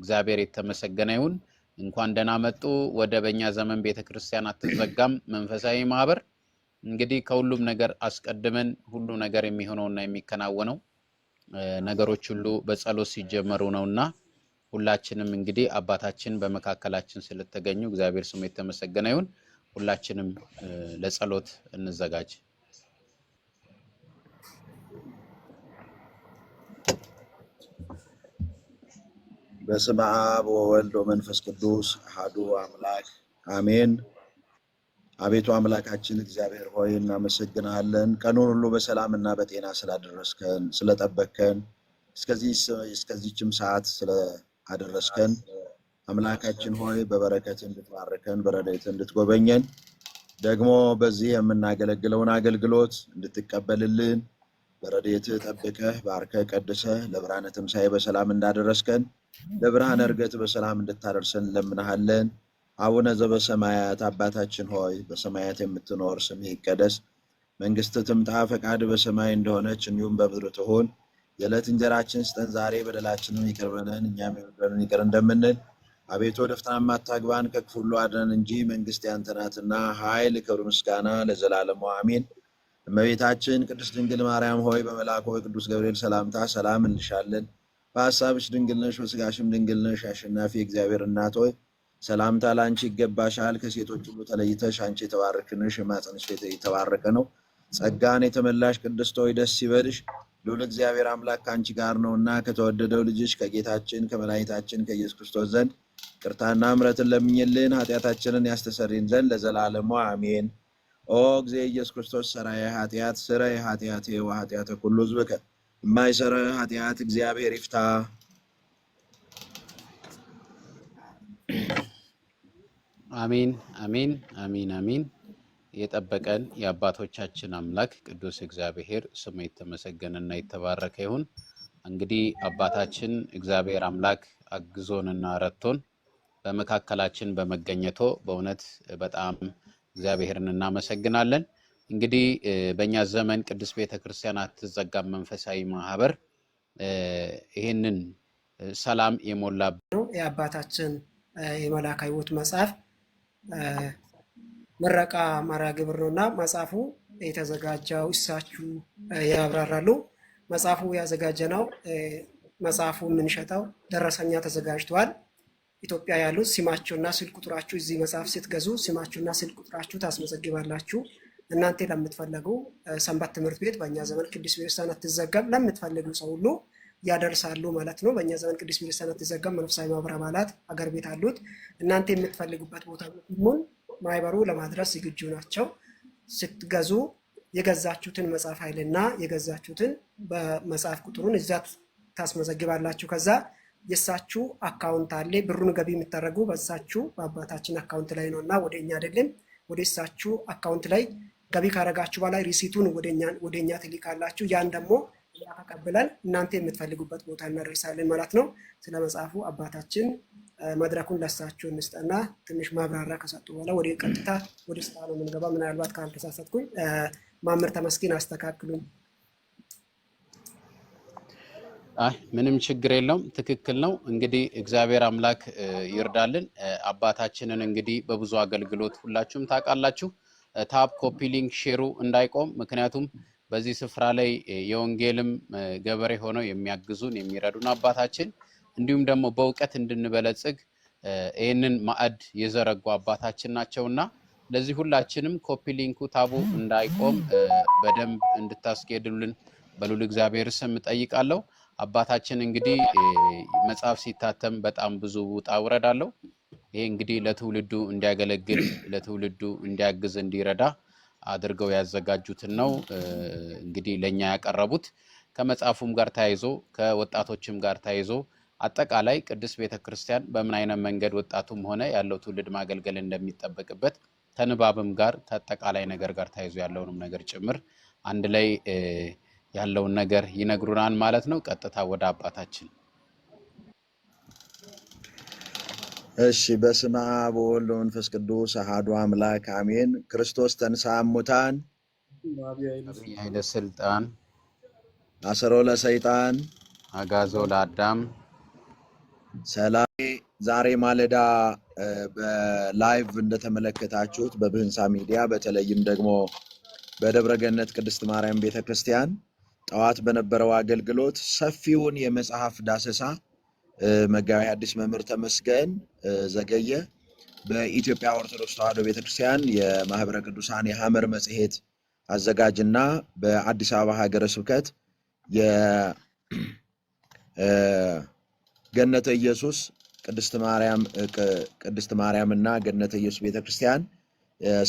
እግዚአብሔር የተመሰገነ ይሁን። እንኳን ደህና መጡ ወደ በእኛ ዘመን ቤተ ክርስቲያን አትዘጋም መንፈሳዊ ማህበር። እንግዲህ ከሁሉም ነገር አስቀድመን ሁሉ ነገር የሚሆነውና የሚከናወነው ነገሮች ሁሉ በጸሎት ሲጀመሩ ነውና ሁላችንም እንግዲህ አባታችን በመካከላችን ስለተገኙ እግዚአብሔር ስሙ የተመሰገነ ይሁን። ሁላችንም ለጸሎት እንዘጋጅ። በስመ አብ ወወልድ ወመንፈስ ቅዱስ አሐዱ አምላክ አሜን። አቤቱ አምላካችን እግዚአብሔር ሆይ እናመሰግናለን። ቀኑን ሁሉ በሰላምና በጤና ስላደረስከን፣ ስለጠበከን፣ እስከዚችም ሰዓት ስለአደረስከን አምላካችን ሆይ በበረከት እንድትባርከን በረድኤት እንድትጎበኘን ደግሞ በዚህ የምናገለግለውን አገልግሎት እንድትቀበልልን በረድኤትህ ጠብቀህ ባርከህ ቀድሰህ ለብርሃነ ትንሣኤ በሰላም እንዳደረስከን ለብርሃነ እርገት በሰላም እንድታደርሰን እንለምናሃለን። አቡነ ዘበሰማያት አባታችን ሆይ በሰማያት የምትኖር ስምህ ይቀደስ፣ መንግስት ትምጣ፣ ፈቃድ በሰማይ እንደሆነች እንዲሁም በምድር ትሁን። የዕለት እንጀራችን ስጠን ዛሬ፣ በደላችንም ይቅር በለን እኛም የበደሉንን ይቅር እንደምንል አቤቱ ወደ ፈተና አታግባን ከክፉ ሁሉ አድነን እንጂ መንግስት ያንተ ናትና ኃይል፣ ክብር፣ ምስጋና ለዘላለሙ አሜን። እመቤታችን ቅድስት ድንግል ማርያም ሆይ በመልአኩ በቅዱስ ገብርኤል ሰላምታ ሰላም እንሻለን። በሐሳብሽ ድንግል ነሽ፣ ድንግልነሽ ድንግል ነሽ። አሸናፊ እግዚአብሔር እናት ሆይ ሰላምታ ለአንቺ ይገባሻል። ከሴቶች ሁሉ ተለይተሽ አንቺ የተባረክሽ ነሽ፣ የማኅፀንሽ ፍሬ የተባረከ ነው። ጸጋን የተመላሽ ቅድስት ሆይ ደስ ይበልሽ፣ ልዑል እግዚአብሔር አምላክ ከአንቺ ጋር ነውና ከተወደደው ልጅሽ ከጌታችን ከመላይታችን ከኢየሱስ ክርስቶስ ዘንድ ቅርታና እምረትን ለምኝልን ኃጢአታችንን ያስተሰሪን ዘንድ ለዘላለሙ አሜን። ኦ እግዚእ ኢየሱስ ክርስቶስ ሰራየ ኃጢአት የኃጢአት ዋ ኃጢአተ ኩሉ ሕዝብከ ማይሰረ ኃጢአት እግዚአብሔር ይፍታ። አሚን አሚን አሚን አሚን የጠበቀን የአባቶቻችን አምላክ ቅዱስ እግዚአብሔር ስሙ የተመሰገነና የተባረከ ይሁን። እንግዲህ አባታችን እግዚአብሔር አምላክ አግዞንና ረቶን በመካከላችን በመገኘቶ በእውነት በጣም እግዚአብሔርን እናመሰግናለን። እንግዲህ በእኛ ዘመን ቅድስት ቤተ ክርስቲያን አትዘጋም መንፈሳዊ ማህበር ይህንን ሰላም የሞላበት ነው። የአባታችን የመልአከ ሕይወት መጽሐፍ ምረቃ መርሃ ግብር ነው እና መጽሐፉ የተዘጋጀው እሳችሁ ያብራራሉ። መጽሐፉ ያዘጋጀ ነው። መጽሐፉ የምንሸጠው ደረሰኛ ተዘጋጅተዋል። ኢትዮጵያ ያሉት ስማችሁና ስልክ ቁጥራችሁ እዚህ መጽሐፍ ስትገዙ ስማችሁና ስልክ ቁጥራችሁ ታስመዘግባላችሁ። እናንተ ለምትፈለጉ ሰንበት ትምህርት ቤት በእኛ ዘመን ቅዱስ ቤተክርስቲያን አትዘጋም ለምትፈልጉ ሰው ሁሉ ያደርሳሉ ማለት ነው። በእኛ ዘመን ቅዱስ ቤተክርስቲያን አትዘጋም። መንፈሳዊ ማህበር አባላት አገር ቤት አሉት። እናንተ የምትፈልጉበት ቦታ ሁሉን ማህበሩ ለማድረስ ዝግጁ ናቸው። ስትገዙ የገዛችሁትን መጽሐፍ ኃይልና የገዛችሁትን በመጽሐፍ ቁጥሩን እዛ ታስመዘግባላችሁ። ከዛ የእሳችሁ አካውንት አለ። ብሩን ገቢ የምታደርጉ በእሳችሁ በአባታችን አካውንት ላይ ነው እና ወደ እኛ አይደለም ወደ እሳችሁ አካውንት ላይ ገቢ ካረጋችሁ በኋላ ሪሲቱን ወደ እኛ ትልካላችሁ። ያን ደግሞ ተቀብለን እናንተ የምትፈልጉበት ቦታ እናደርሳለን ማለት ነው። ስለ መጽሐፉ አባታችን መድረኩን ለሳችሁ እንስጠና ትንሽ ማብራሪያ ከሰጡ በኋላ ወደ ቀጥታ ወደ ስራ ነው የምንገባ። ምናልባት ካልተሳሳትኩኝ ማምር ተመስገን አስተካክሉኝ። አይ ምንም ችግር የለውም። ትክክል ነው። እንግዲህ እግዚአብሔር አምላክ ይርዳልን። አባታችንን እንግዲህ በብዙ አገልግሎት ሁላችሁም ታውቃላችሁ። ታፕ ኮፒ ሊንክ ሼሩ እንዳይቆም። ምክንያቱም በዚህ ስፍራ ላይ የወንጌልም ገበሬ ሆነው የሚያግዙን የሚረዱን አባታችን እንዲሁም ደግሞ በእውቀት እንድንበለጽግ ይህንን ማዕድ የዘረጉ አባታችን ናቸውና ለዚህ ሁላችንም ኮፒ ሊንኩ ታቡ እንዳይቆም በደንብ እንድታስኬድሉልን በሉል እግዚአብሔር ስም እጠይቃለሁ። አባታችን እንግዲህ መጽሐፍ ሲታተም በጣም ብዙ ውጣ ውረድ አለው። ይሄ እንግዲህ ለትውልዱ እንዲያገለግል ለትውልዱ እንዲያግዝ እንዲረዳ አድርገው ያዘጋጁትን ነው እንግዲህ ለእኛ ያቀረቡት። ከመጽሐፉም ጋር ተያይዞ ከወጣቶችም ጋር ተያይዞ አጠቃላይ ቅድስት ቤተ ክርስቲያን በምን አይነት መንገድ ወጣቱም ሆነ ያለው ትውልድ ማገልገል እንደሚጠበቅበት ከንባብም ጋር ከአጠቃላይ ነገር ጋር ተያይዞ ያለውንም ነገር ጭምር አንድ ላይ ያለውን ነገር ይነግሩናል ማለት ነው። ቀጥታ ወደ አባታችን እሺ በስመ አብ ወወልድ ወመንፈስ ቅዱስ አሐዱ አምላክ አሜን። ክርስቶስ ተንሥአ እሙታን ኃይለ ሥልጣን አሰሮ ለሰይጣን አጋዞ ለአዳም ሰላም። ዛሬ ማለዳ በላይቭ እንደተመለከታችሁት በብህንሳ ሚዲያ በተለይም ደግሞ በደብረገነት ቅድስት ማርያም ቤተክርስቲያን ጠዋት በነበረው አገልግሎት ሰፊውን የመጽሐፍ ዳሰሳ መጋቢ አዲስ መምህር ተመስገን ዘገየ በኢትዮጵያ ኦርቶዶክስ ተዋህዶ ቤተክርስቲያን የማህበረ ቅዱሳን የሐመር መጽሔት አዘጋጅና በአዲስ አበባ ሀገረ ስብከት የገነተ ኢየሱስ ቅድስት ማርያም እና ገነተ ኢየሱስ ቤተክርስቲያን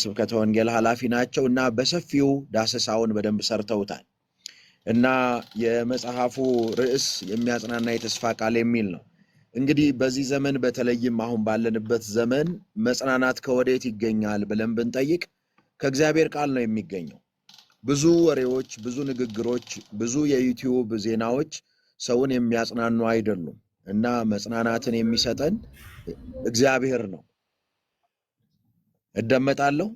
ስብከተ ወንጌል ኃላፊ ናቸው እና በሰፊው ዳሰሳውን በደንብ ሰርተውታል። እና የመጽሐፉ ርዕስ የሚያጽናና የተስፋ ቃል የሚል ነው። እንግዲህ በዚህ ዘመን በተለይም አሁን ባለንበት ዘመን መጽናናት ከወዴት ይገኛል ብለን ብንጠይቅ ከእግዚአብሔር ቃል ነው የሚገኘው። ብዙ ወሬዎች፣ ብዙ ንግግሮች፣ ብዙ የዩቲዩብ ዜናዎች ሰውን የሚያጽናኑ አይደሉም እና መጽናናትን የሚሰጠን እግዚአብሔር ነው። እደመጣለሁ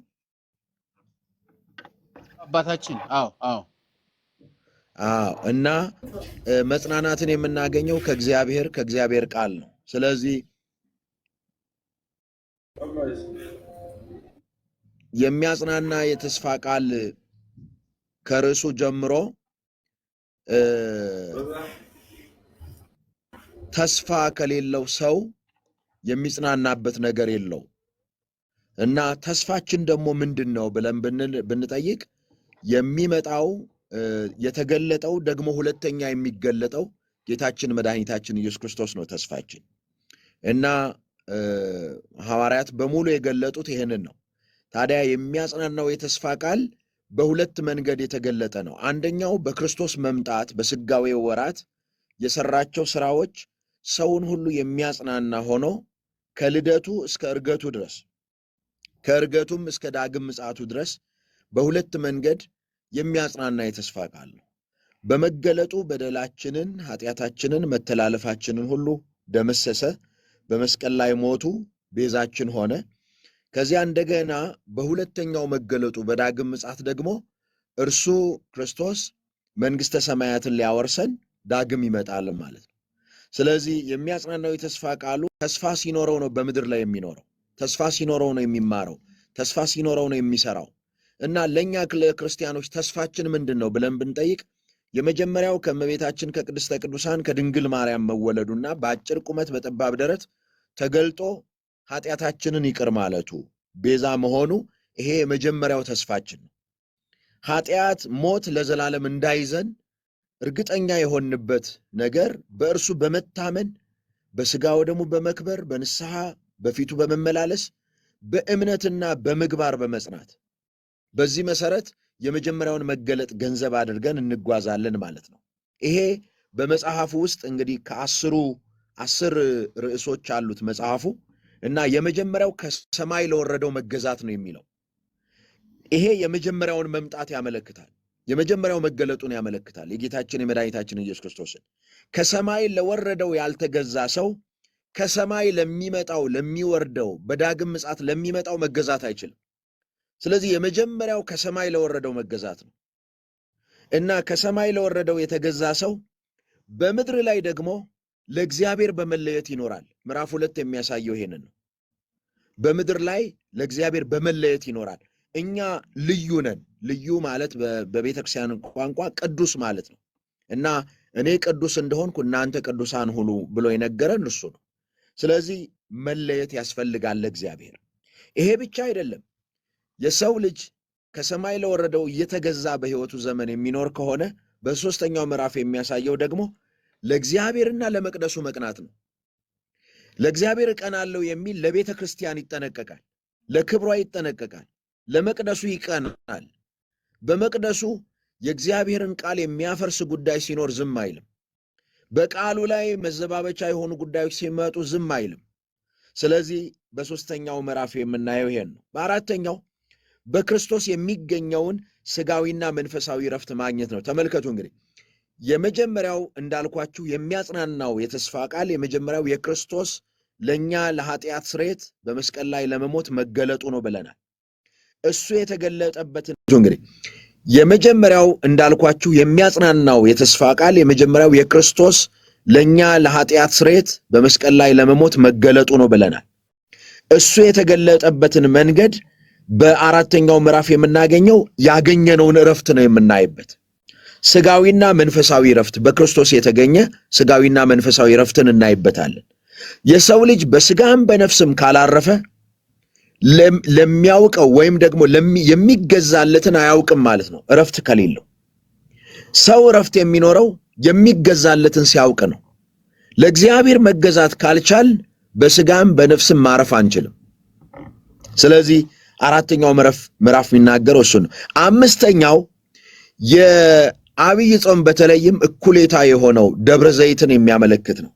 አባታችን። አዎ አዎ እና መጽናናትን የምናገኘው ከእግዚአብሔር ከእግዚአብሔር ቃል ነው። ስለዚህ የሚያጽናና የተስፋ ቃል ከርዕሱ ጀምሮ ተስፋ ከሌለው ሰው የሚጽናናበት ነገር የለው እና ተስፋችን ደግሞ ምንድን ነው ብለን ብንጠይቅ የሚመጣው የተገለጠው ደግሞ ሁለተኛ የሚገለጠው ጌታችን መድኃኒታችን ኢየሱስ ክርስቶስ ነው ተስፋችን እና ሐዋርያት በሙሉ የገለጡት ይህንን ነው። ታዲያ የሚያጽናናው የተስፋ ቃል በሁለት መንገድ የተገለጠ ነው። አንደኛው በክርስቶስ መምጣት በስጋዌ ወራት የሰራቸው ስራዎች ሰውን ሁሉ የሚያጽናና ሆኖ ከልደቱ እስከ እርገቱ ድረስ ከእርገቱም እስከ ዳግም ምጽአቱ ድረስ በሁለት መንገድ የሚያጽናና የተስፋ ቃል ነው። በመገለጡ በደላችንን፣ ኃጢአታችንን፣ መተላለፋችንን ሁሉ ደመሰሰ፣ በመስቀል ላይ ሞቱ፣ ቤዛችን ሆነ። ከዚያ እንደገና በሁለተኛው መገለጡ በዳግም ምጻት ደግሞ እርሱ ክርስቶስ መንግሥተ ሰማያትን ሊያወርሰን ዳግም ይመጣል ማለት ነው። ስለዚህ የሚያጽናናው የተስፋ ቃሉ ተስፋ ሲኖረው ነው በምድር ላይ የሚኖረው። ተስፋ ሲኖረው ነው የሚማረው። ተስፋ ሲኖረው ነው የሚሰራው። እና ለእኛ ለክርስቲያኖች ተስፋችን ምንድን ነው ብለን ብንጠይቅ የመጀመሪያው ከእመቤታችን ከቅድስተ ቅዱሳን ከድንግል ማርያም መወለዱና በአጭር ቁመት በጠባብ ደረት ተገልጦ ኃጢአታችንን ይቅር ማለቱ ቤዛ መሆኑ፣ ይሄ የመጀመሪያው ተስፋችን ነው። ኃጢአት፣ ሞት ለዘላለም እንዳይዘን እርግጠኛ የሆንበት ነገር በእርሱ በመታመን በስጋው ደግሞ በመክበር በንስሐ በፊቱ በመመላለስ በእምነትና በምግባር በመጽናት በዚህ መሰረት የመጀመሪያውን መገለጥ ገንዘብ አድርገን እንጓዛለን ማለት ነው። ይሄ በመጽሐፉ ውስጥ እንግዲህ ከአስሩ አስር ርዕሶች አሉት መጽሐፉ እና የመጀመሪያው ከሰማይ ለወረደው መገዛት ነው የሚለው ይሄ የመጀመሪያውን መምጣት ያመለክታል። የመጀመሪያው መገለጡን ያመለክታል። የጌታችን የመድኃኒታችን ኢየሱስ ክርስቶስን ከሰማይ ለወረደው ያልተገዛ ሰው ከሰማይ ለሚመጣው ለሚወርደው በዳግም ምጽአት ለሚመጣው መገዛት አይችልም። ስለዚህ የመጀመሪያው ከሰማይ ለወረደው መገዛት ነው እና ከሰማይ ለወረደው የተገዛ ሰው በምድር ላይ ደግሞ ለእግዚአብሔር በመለየት ይኖራል። ምዕራፍ ሁለት የሚያሳየው ይሄንን ነው። በምድር ላይ ለእግዚአብሔር በመለየት ይኖራል። እኛ ልዩ ነን። ልዩ ማለት በቤተ ክርስቲያን ቋንቋ ቅዱስ ማለት ነው እና እኔ ቅዱስ እንደሆንኩ እናንተ ቅዱሳን ሁኑ ብሎ የነገረን እሱ ነው። ስለዚህ መለየት ያስፈልጋል ለእግዚአብሔር። ይሄ ብቻ አይደለም። የሰው ልጅ ከሰማይ ለወረደው እየተገዛ በሕይወቱ ዘመን የሚኖር ከሆነ በሦስተኛው ምዕራፍ የሚያሳየው ደግሞ ለእግዚአብሔርና ለመቅደሱ መቅናት ነው። ለእግዚአብሔር እቀናለሁ የሚል ለቤተ ክርስቲያን ይጠነቀቃል፣ ለክብሯ ይጠነቀቃል፣ ለመቅደሱ ይቀናል። በመቅደሱ የእግዚአብሔርን ቃል የሚያፈርስ ጉዳይ ሲኖር ዝም አይልም። በቃሉ ላይ መዘባበቻ የሆኑ ጉዳዮች ሲመጡ ዝም አይልም። ስለዚህ በሦስተኛው ምዕራፍ የምናየው ይሄን ነው። በአራተኛው በክርስቶስ የሚገኘውን ስጋዊና መንፈሳዊ ረፍት ማግኘት ነው። ተመልከቱ እንግዲህ የመጀመሪያው እንዳልኳችሁ የሚያጽናናው የተስፋ ቃል የመጀመሪያው የክርስቶስ ለእኛ ለኃጢአት ስርየት በመስቀል ላይ ለመሞት መገለጡ ነው ብለናል። እሱ የተገለጠበትን እንግዲህ የመጀመሪያው እንዳልኳችሁ የሚያጽናናው የተስፋ ቃል የመጀመሪያው የክርስቶስ ለእኛ ለኃጢአት ስርየት በመስቀል ላይ ለመሞት መገለጡ ነው ብለናል። እሱ የተገለጠበትን መንገድ በአራተኛው ምዕራፍ የምናገኘው ያገኘነውን እረፍት ነው የምናይበት። ስጋዊና መንፈሳዊ እረፍት በክርስቶስ የተገኘ ስጋዊና መንፈሳዊ እረፍትን እናይበታለን። የሰው ልጅ በስጋም በነፍስም ካላረፈ ለሚያውቀው ወይም ደግሞ የሚገዛለትን አያውቅም ማለት ነው። እረፍት ከሌለው ሰው እረፍት የሚኖረው የሚገዛለትን ሲያውቅ ነው። ለእግዚአብሔር መገዛት ካልቻል በስጋም በነፍስም ማረፍ አንችልም። ስለዚህ አራተኛው ምዕራፍ ምዕራፍ የሚናገረው እሱ ነው። አምስተኛው የአብይ ጾም በተለይም እኩሌታ የሆነው ደብረ ዘይትን የሚያመለክት ነው።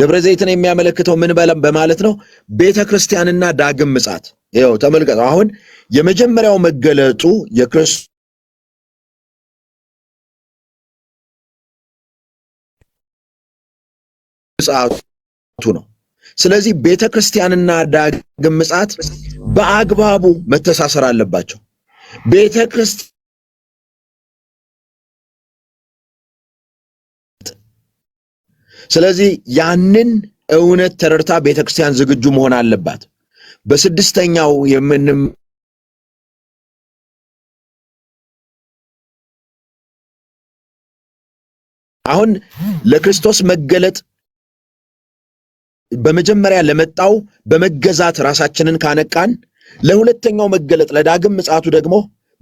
ደብረ ዘይትን የሚያመለክተው ምን በማለት ነው? ቤተ ክርስቲያንና ዳግም ምጻት። ይኸው ተመልከቱ። አሁን የመጀመሪያው መገለጡ የክርስቶስ ምጻቱ ነው። ስለዚህ ቤተ ክርስቲያንና ዳግም ምጽአት በአግባቡ መተሳሰር አለባቸው። ቤተ ክርስቲያን ስለዚህ ያንን እውነት ተረድታ ቤተ ክርስቲያን ዝግጁ መሆን አለባት። በስድስተኛው የምንም አሁን ለክርስቶስ መገለጥ በመጀመሪያ ለመጣው በመገዛት ራሳችንን ካነቃን፣ ለሁለተኛው መገለጥ ለዳግም ምጽአቱ ደግሞ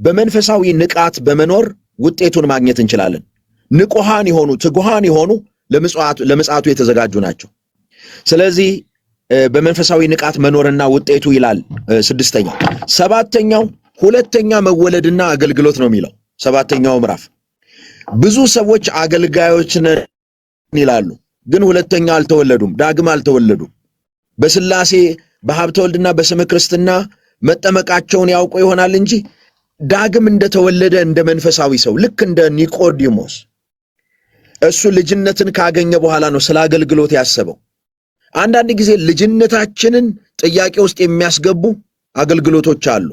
በመንፈሳዊ ንቃት በመኖር ውጤቱን ማግኘት እንችላለን። ንቁሃን የሆኑ ትጉሃን የሆኑ ለምጽአቱ የተዘጋጁ ናቸው። ስለዚህ በመንፈሳዊ ንቃት መኖርና ውጤቱ ይላል። ስድስተኛው ሰባተኛው ሁለተኛ መወለድና አገልግሎት ነው የሚለው ሰባተኛው ምዕራፍ ብዙ ሰዎች አገልጋዮች ነን ይላሉ። ግን ሁለተኛ አልተወለዱም፣ ዳግም አልተወለዱም። በስላሴ በሀብተ ወልድና በስመ ክርስትና መጠመቃቸውን ያውቁ ይሆናል እንጂ ዳግም እንደተወለደ እንደ መንፈሳዊ ሰው ልክ እንደ ኒቆዲሞስ እሱ ልጅነትን ካገኘ በኋላ ነው ስለ አገልግሎት ያሰበው። አንዳንድ ጊዜ ልጅነታችንን ጥያቄ ውስጥ የሚያስገቡ አገልግሎቶች አሉ።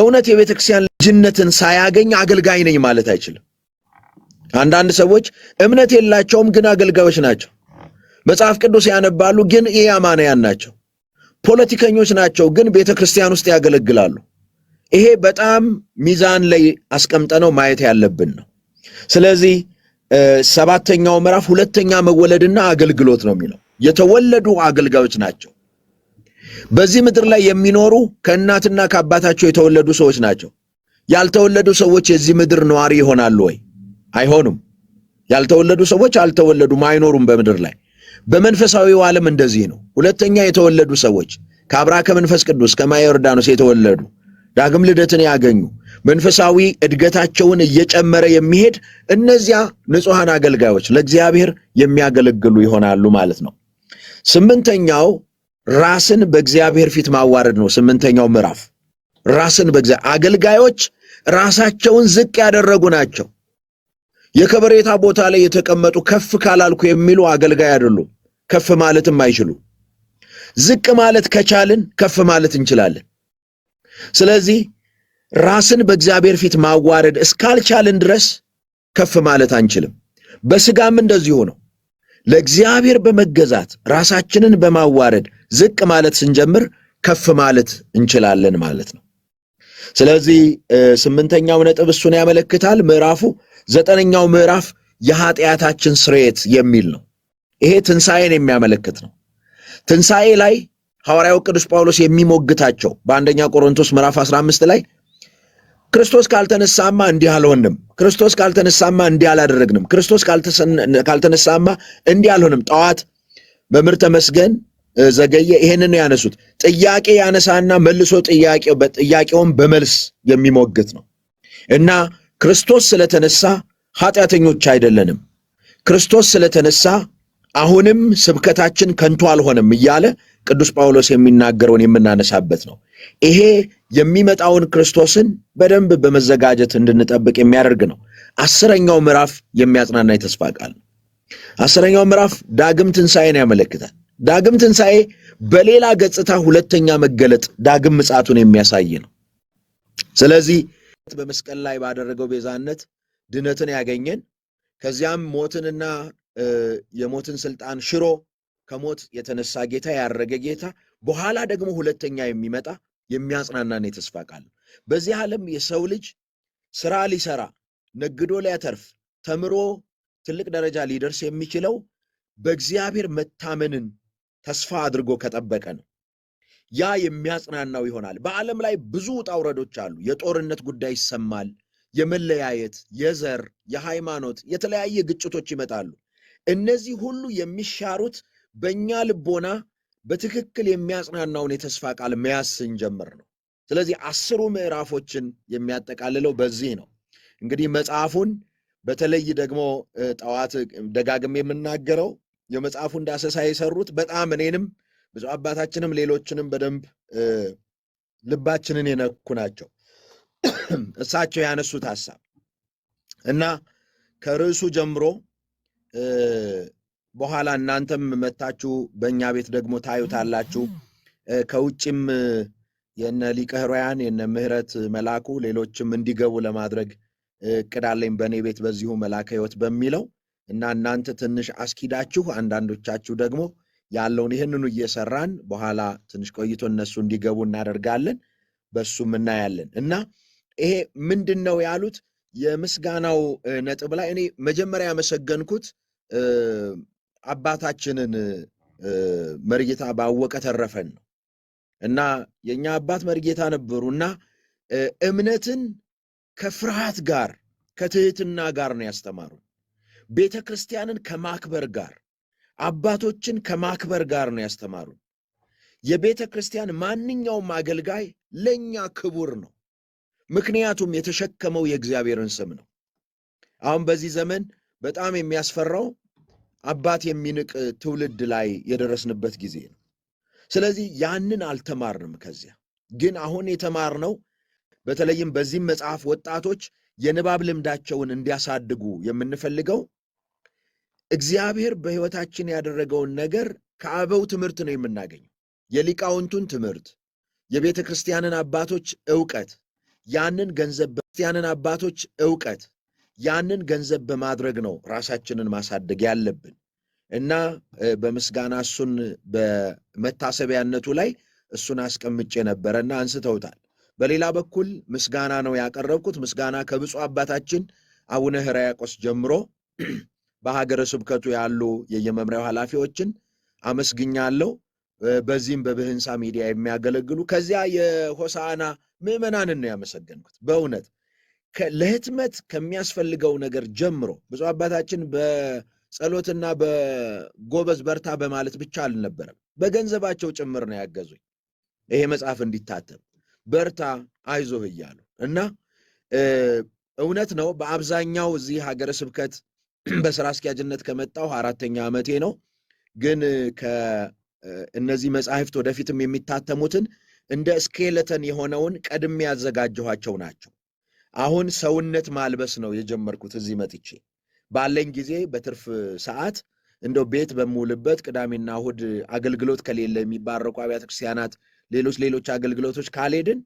እውነት የቤተ ክርስቲያን ልጅነትን ሳያገኝ አገልጋይ ነኝ ማለት አይችልም። አንዳንድ ሰዎች እምነት የላቸውም፣ ግን አገልጋዮች ናቸው። መጽሐፍ ቅዱስ ያነባሉ፣ ግን ይህ አማንያን ናቸው። ፖለቲከኞች ናቸው፣ ግን ቤተ ክርስቲያን ውስጥ ያገለግላሉ። ይሄ በጣም ሚዛን ላይ አስቀምጠነው ማየት ያለብን ነው። ስለዚህ ሰባተኛው ምዕራፍ ሁለተኛ መወለድና አገልግሎት ነው የሚለው የተወለዱ አገልጋዮች ናቸው። በዚህ ምድር ላይ የሚኖሩ ከእናትና ከአባታቸው የተወለዱ ሰዎች ናቸው። ያልተወለዱ ሰዎች የዚህ ምድር ነዋሪ ይሆናሉ ወይ? አይሆንም። ያልተወለዱ ሰዎች አልተወለዱም፣ አይኖሩም በምድር ላይ። በመንፈሳዊው ዓለም እንደዚህ ነው። ሁለተኛ የተወለዱ ሰዎች ከአብራ ከመንፈስ ቅዱስ ከማየ ዮርዳኖስ የተወለዱ ዳግም ልደትን ያገኙ መንፈሳዊ እድገታቸውን እየጨመረ የሚሄድ እነዚያ ንጹሐን አገልጋዮች ለእግዚአብሔር የሚያገለግሉ ይሆናሉ ማለት ነው። ስምንተኛው ራስን በእግዚአብሔር ፊት ማዋረድ ነው። ስምንተኛው ምዕራፍ ራስን በእግዚአብሔር አገልጋዮች ራሳቸውን ዝቅ ያደረጉ ናቸው። የከበሬታ ቦታ ላይ የተቀመጡ ከፍ ካላልኩ የሚሉ አገልጋይ አይደሉም። ከፍ ማለትም አይችሉ። ዝቅ ማለት ከቻልን ከፍ ማለት እንችላለን። ስለዚህ ራስን በእግዚአብሔር ፊት ማዋረድ እስካልቻልን ድረስ ከፍ ማለት አንችልም። በስጋም እንደዚሁ ነው። ለእግዚአብሔር በመገዛት ራሳችንን በማዋረድ ዝቅ ማለት ስንጀምር ከፍ ማለት እንችላለን ማለት ነው። ስለዚህ ስምንተኛው ነጥብ እሱን ያመለክታል። ምዕራፉ ዘጠነኛው ምዕራፍ የኃጢአታችን ስርየት የሚል ነው። ይሄ ትንሣኤን የሚያመለክት ነው። ትንሣኤ ላይ ሐዋርያው ቅዱስ ጳውሎስ የሚሞግታቸው በአንደኛ ቆሮንቶስ ምዕራፍ 15 ላይ ክርስቶስ ካልተነሳማ እንዲህ አልሆንም፣ ክርስቶስ ካልተነሳማ እንዲህ አላደረግንም፣ ክርስቶስ ካልተነሳማ እንዲህ አልሆንም። ጠዋት መምህር ተመስገን ዘገየ ይሄንን ነው ያነሱት። ጥያቄ ያነሳና መልሶ ጥያቄውን በመልስ የሚሞግት ነው እና ክርስቶስ ስለተነሳ ኃጢአተኞች አይደለንም። ክርስቶስ ስለተነሳ አሁንም ስብከታችን ከንቱ አልሆነም እያለ ቅዱስ ጳውሎስ የሚናገረውን የምናነሳበት ነው። ይሄ የሚመጣውን ክርስቶስን በደንብ በመዘጋጀት እንድንጠብቅ የሚያደርግ ነው። አስረኛው ምዕራፍ የሚያጽናና የተስፋ ቃል ነው። አስረኛው ምዕራፍ ዳግም ትንሣኤን ያመለክታል። ዳግም ትንሣኤ በሌላ ገጽታ ሁለተኛ መገለጥ ዳግም ምጽአቱን የሚያሳይ ነው። ስለዚህ በመስቀል ላይ ባደረገው ቤዛነት ድነትን ያገኘን ከዚያም ሞትንና የሞትን ስልጣን ሽሮ ከሞት የተነሳ ጌታ ያረገ ጌታ በኋላ ደግሞ ሁለተኛ የሚመጣ የሚያጽናናን የተስፋ ቃል ነው። በዚህ ዓለም የሰው ልጅ ስራ ሊሰራ ነግዶ ሊያተርፍ ተምሮ ትልቅ ደረጃ ሊደርስ የሚችለው በእግዚአብሔር መታመንን ተስፋ አድርጎ ከጠበቀ ነው። ያ የሚያጽናናው ይሆናል። በዓለም ላይ ብዙ ውጣ ውረዶች አሉ። የጦርነት ጉዳይ ይሰማል። የመለያየት፣ የዘር፣ የሃይማኖት የተለያየ ግጭቶች ይመጣሉ። እነዚህ ሁሉ የሚሻሩት በእኛ ልቦና በትክክል የሚያጽናናውን የተስፋ ቃል መያዝ ስንጀምር ነው። ስለዚህ አስሩ ምዕራፎችን የሚያጠቃልለው በዚህ ነው። እንግዲህ መጽሐፉን በተለይ ደግሞ ጠዋት ደጋግም የምናገረው የመጽሐፉን ዳሰሳ የሰሩት በጣም እኔንም ብዙ አባታችንም ሌሎችንም በደንብ ልባችንን የነኩ ናቸው። እሳቸው ያነሱት ሀሳብ እና ከርዕሱ ጀምሮ በኋላ እናንተም መታችሁ በእኛ ቤት ደግሞ ታዩታላችሁ። ከውጭም የነ ሊቀ ሕሩያን የነ ምህረት መላኩ ሌሎችም እንዲገቡ ለማድረግ እቅዳለኝ በእኔ ቤት በዚሁ መላከ ሕይወት በሚለው እና እናንተ ትንሽ አስኪዳችሁ አንዳንዶቻችሁ ደግሞ ያለውን ይህንኑ እየሰራን በኋላ ትንሽ ቆይቶ እነሱ እንዲገቡ እናደርጋለን። በሱም እናያለን እና ይሄ ምንድን ነው ያሉት የምስጋናው ነጥብ ላይ እኔ መጀመሪያ ያመሰገንኩት አባታችንን መርጌታ ባወቀ ተረፈን ነው እና የእኛ አባት መርጌታ ነበሩ እና እምነትን ከፍርሃት ጋር ከትህትና ጋር ነው ያስተማሩ። ቤተ ክርስቲያንን ከማክበር ጋር አባቶችን ከማክበር ጋር ነው ያስተማሩን። የቤተ ክርስቲያን ማንኛውም አገልጋይ ለእኛ ክቡር ነው፣ ምክንያቱም የተሸከመው የእግዚአብሔርን ስም ነው። አሁን በዚህ ዘመን በጣም የሚያስፈራው አባት የሚንቅ ትውልድ ላይ የደረስንበት ጊዜ ነው። ስለዚህ ያንን አልተማርንም። ከዚያ ግን አሁን የተማርነው በተለይም በዚህም መጽሐፍ ወጣቶች የንባብ ልምዳቸውን እንዲያሳድጉ የምንፈልገው እግዚአብሔር በሕይወታችን ያደረገውን ነገር ከአበው ትምህርት ነው የምናገኘው። የሊቃውንቱን ትምህርት፣ የቤተ ክርስቲያንን አባቶች እውቀት ያንን ገንዘብ ክርስቲያንን አባቶች እውቀት ያንን ገንዘብ በማድረግ ነው ራሳችንን ማሳደግ ያለብን እና በምስጋና እሱን በመታሰቢያነቱ ላይ እሱን አስቀምጬ እና አንስተውታል። በሌላ በኩል ምስጋና ነው ያቀረብኩት። ምስጋና ከብፁዕ አባታችን አቡነ ሕርያቆስ ጀምሮ በሀገረ ስብከቱ ያሉ የየመምሪያው ኃላፊዎችን አመስግኛለሁ። በዚህም በብህንሳ ሚዲያ የሚያገለግሉ ከዚያ የሆሳና ምዕመናንን ነው ያመሰገንኩት። በእውነት ለህትመት ከሚያስፈልገው ነገር ጀምሮ ብፁዕ አባታችን በጸሎትና በጎበዝ በርታ በማለት ብቻ አልነበረም፣ በገንዘባቸው ጭምር ነው ያገዙኝ። ይሄ መጽሐፍ እንዲታተም በርታ አይዞህ እያሉ እና እውነት ነው በአብዛኛው እዚህ ሀገረ ስብከት በስራ አስኪያጅነት ከመጣሁ አራተኛ ዓመቴ ነው። ግን ከእነዚህ መጽሐፍት ወደፊትም የሚታተሙትን እንደ ስኬለተን የሆነውን ቀድሜ ያዘጋጀኋቸው ናቸው። አሁን ሰውነት ማልበስ ነው የጀመርኩት እዚህ መጥቼ ባለኝ ጊዜ በትርፍ ሰዓት እንደው ቤት በምውልበት ቅዳሜና እሁድ አገልግሎት ከሌለ የሚባረቁ አብያተ ክርስቲያናት፣ ሌሎች ሌሎች አገልግሎቶች ካልሄድን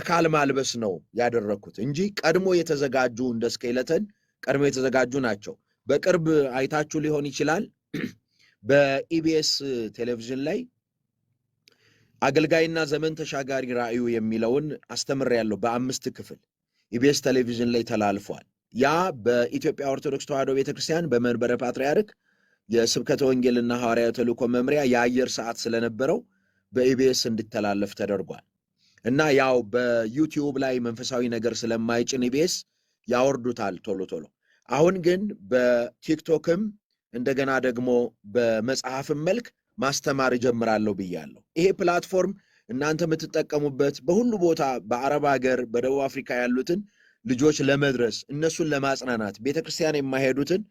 አካል ማልበስ ነው ያደረግኩት እንጂ ቀድሞ የተዘጋጁ እንደ ስኬለተን ቀድሞ የተዘጋጁ ናቸው። በቅርብ አይታችሁ ሊሆን ይችላል። በኢቢኤስ ቴሌቪዥን ላይ አገልጋይና ዘመን ተሻጋሪ ራእዩ የሚለውን አስተምሬያለሁ። በአምስት ክፍል ኢቢኤስ ቴሌቪዥን ላይ ተላልፏል። ያ በኢትዮጵያ ኦርቶዶክስ ተዋሕዶ ቤተክርስቲያን በመንበረ ፓትርያርክ የስብከተ ወንጌልና ሐዋርያዊ ተልእኮ መምሪያ የአየር ሰዓት ስለነበረው በኢቢኤስ እንዲተላለፍ ተደርጓል እና ያው በዩቲዩብ ላይ መንፈሳዊ ነገር ስለማይጭን ኢቢኤስ ያወርዱታል ቶሎ ቶሎ። አሁን ግን በቲክቶክም እንደገና ደግሞ በመጽሐፍም መልክ ማስተማር እጀምራለሁ ብያለሁ። ይሄ ፕላትፎርም እናንተ የምትጠቀሙበት በሁሉ ቦታ በአረብ ሀገር፣ በደቡብ አፍሪካ ያሉትን ልጆች ለመድረስ እነሱን ለማጽናናት ቤተ ክርስቲያን የማይሄዱትን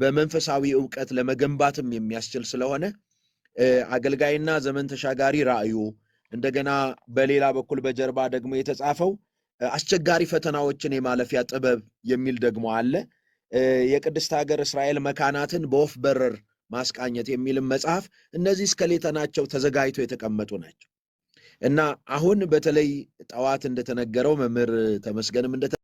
በመንፈሳዊ እውቀት ለመገንባትም የሚያስችል ስለሆነ አገልጋይና ዘመን ተሻጋሪ ራእዩ እንደገና በሌላ በኩል በጀርባ ደግሞ የተጻፈው አስቸጋሪ ፈተናዎችን የማለፊያ ጥበብ የሚል ደግሞ አለ። የቅድስት ሀገር እስራኤል መካናትን በወፍ በረር ማስቃኘት የሚልም መጽሐፍ እነዚህ እስከሌተናቸው ተዘጋጅቶ የተቀመጡ ናቸው እና አሁን በተለይ ጠዋት እንደተነገረው መምህር ተመስገንም